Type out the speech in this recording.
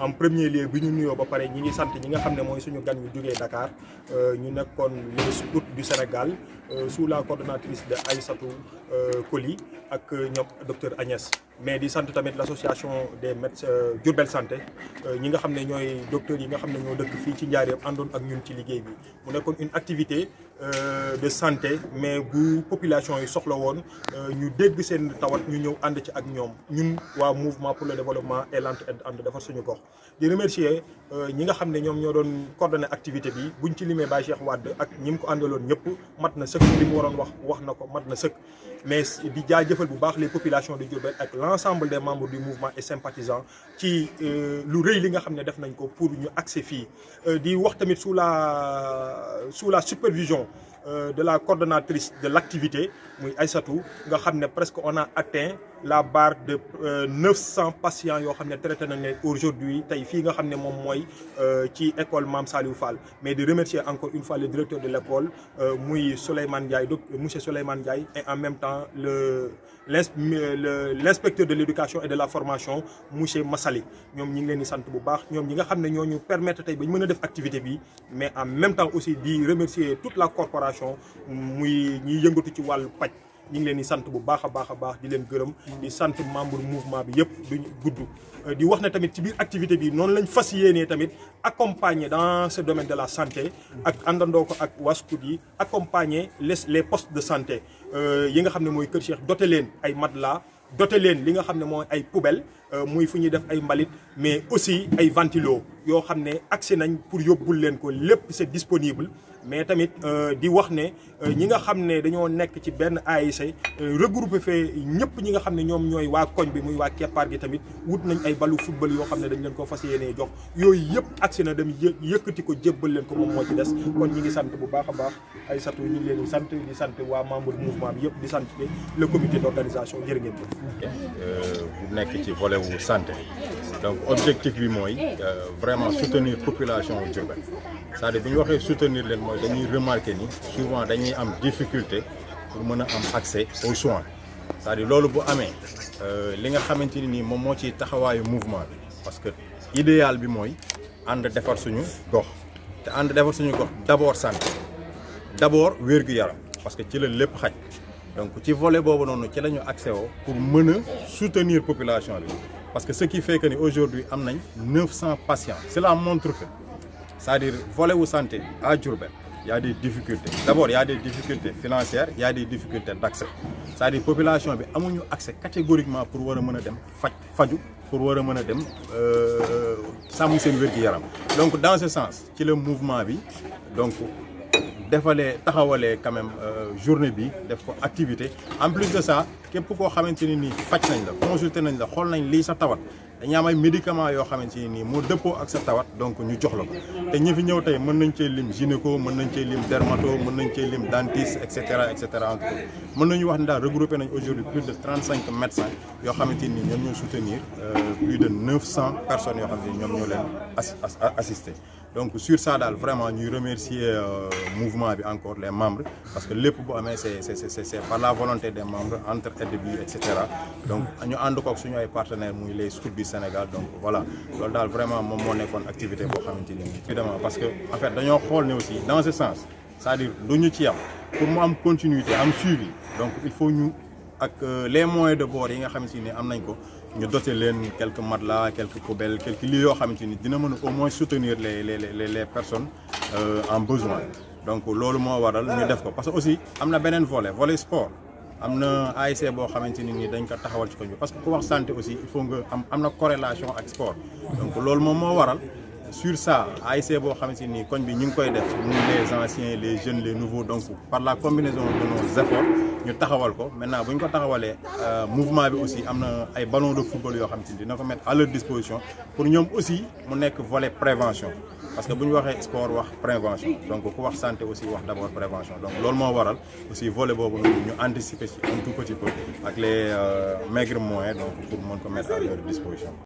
en premier lieu bi ñu nuyo ba paré ñi ngi sant ñi nga xamné moy suñu gan yu joggé Dakar euh ñu nekkon les scouts du Sénégal euh, sous la coordinatrice de Aïssatou Koli euh, ak euh, ñop docteur Agnès mais di sante tamit l'association des médecins euh, Diourbel santé euh, ñi nga xamné ñoy docteur yi nga xamné ne ñoo dëkk fii ci Njaaréem àndoon ak ñun ci liggéey bi mu nekkoon une activité euh, de santé mais bu population yi soxla woon ñu dégg sen tawat ñu ñëw and ci ak ñom ñun wa mouvement pour le développement et l'entraide and defar suñu gox di remercier ñi nga xamné ñom ñoom ñoo doon coordonné activité bi buñ ci limé Baye Cheikh wad ak ñim ko andalon ñëpp mat na sëkk li mu waron wax wax nako mat na sëkk mais di jaajëfal bu baax les populations de Diourbel ak l'ensemble des membres du mouvement et sympathisants qui nous euh, réunissent li nga pour accéder accès fii euh, sous la sous la supervision euh, de la coordonnatrice de l'activité Aïssatou nga avons presque on a atteint la barre de 900 euh, patients qui ont aujourd'hui tey fii nga euh, mais de remercier encore une fois le directeur de l'école Moui Souleyman Ndiaye et en même temps le l'inspecteur de l'éducation et de la formation monsieur Massali ñom ñi ngi leen di sant bu baax ñom ñi nga activité mais en même temps aussi di remercier toute la corporation association muy ñiy yëngatu ci walu paj ñi ngi leen di sant bu baax a baax a baax di leen gërëm di sant membre mouvement bi yëpp duñ gudd euh, di wax ne tamit ci biir activité bi noonu lañ fas yéenee tamit accompagner dans ce domaine de la santé ak àndandoo ko ak waskut yi accompagner les les postes de santé euh, yi nga xam ne mooy Kër Cheikh dote leen ay matelas dote leen li nga xam ne mooy ay poubelles euh, moy fu ñuy def ay mbalit mais aussi ay ventilo yo xamné ne accès nañ pour yobul len ko lépp c'est disponible mais tamit euh, di wax né euh, ñi nga xam dañoo nekk ci ben ASC regroupé fee ñëpp ñi nga xam ne ñoom ñooy koñ bi muy wa képar gi tamit wut nañ ay balu football yo xamné ne dañ leen ko fas jox yoy yëpp accès na dem yëkëti ko jébbal len ko moom mo ci dess kon ñi ngi sant bu baaxa baax ay satou ñi ngi leen di sant di sant wa membre mouvement bi yëpp di sant le comité d'organisation jërë euh bu nekk ci volet donc objectif bi Moy euh, vraiment soutenir population Diourbel Ça à dire bu ñu soutenir leen mooy dañuy remarquer ni souvent dañuy am difficulté pour mën a am accès aux soins c'est-à-dire loolu bu amee euh, li nga xamante ni nii moom moo ci taxawaayu mouvement parce que idéal bi mooy ànd defar suñu gox te ànd defar suñu gox d'abord santé d'abord wér gu parce que ci le lépp xaj donc si volet voulez avons accès pour soutenir la population parce que ce qui fait qu'aujourd'hui, nous avons 900 patients cela montre que c'est-à-dire volet santé à il y a des difficultés d'abord il y a des difficultés financières il y a des difficultés d'accès c'est-à-dire la population a accès catégoriquement pour voir aller pour vous. a euh, donc dans ce sens c'est le mouvement bi donc quand même euh, journée bi def ko activité en plus de ça képp ko xamante ni nii nañ la consulter nañ la xol nañ li sa tawat dañu am ay médicaments yo xamante ni nii moo ak sa tawat donc ñu jox la ko té ñi fi ñew tay mën nañ cee lim gynéco mën nañ cee lim dermato mën nañ cee lim dentiste etc etc mën nañu wax ne regrouper nañ aujourd'hui plus de 35 médecins yo xamante ni ñoom ñoo soutenir euh, plus de 900 personnes yo xamante ñom ñoom ñoo leen as donc sur ça dal vraiment ñuy remercier euh, mouvement bi encore les membres parce que lépp c'est par la volonté des membres entre et etc. donc nous avons des suñu ay partenaires les scouts du Sénégal donc voilà c'est vraiment mon activité pour nous. évidemment parce que en fait nous aussi dans ce sens c'est-à-dire que nous ci am pour continuité un suivi donc il faut que euh, les moyens de bord nous nga quelques matelas quelques cobelles, quelques lieux, pour au moins soutenir les les les personnes euh, en besoin donc c'est ce waral ñu parce que aussi am na volé volet volet sport Nous y a parce que pour wax santé aussi il faut nga am corrélation sport donc loolu je veux waral sur ça ASC boo ni koñ bi les anciens les jeunes les nouveaux donc par la combinaison de nos efforts nous taxawal ko maintenant nous avons ko le euh, mouvement bi aussi am ballons de football nous xamante ni nous mettre à leur disposition pour nous aussi mu nekk volet prévention parce que nous ñu waxee sport wax prévention donc ku wax santé aussi wax d'abord prévention donc loolu moo waral aussi volet boobu ñu anticiper un tout petit peu avec les euh, maigres moyens donc pour monde ko mettre à leur disposition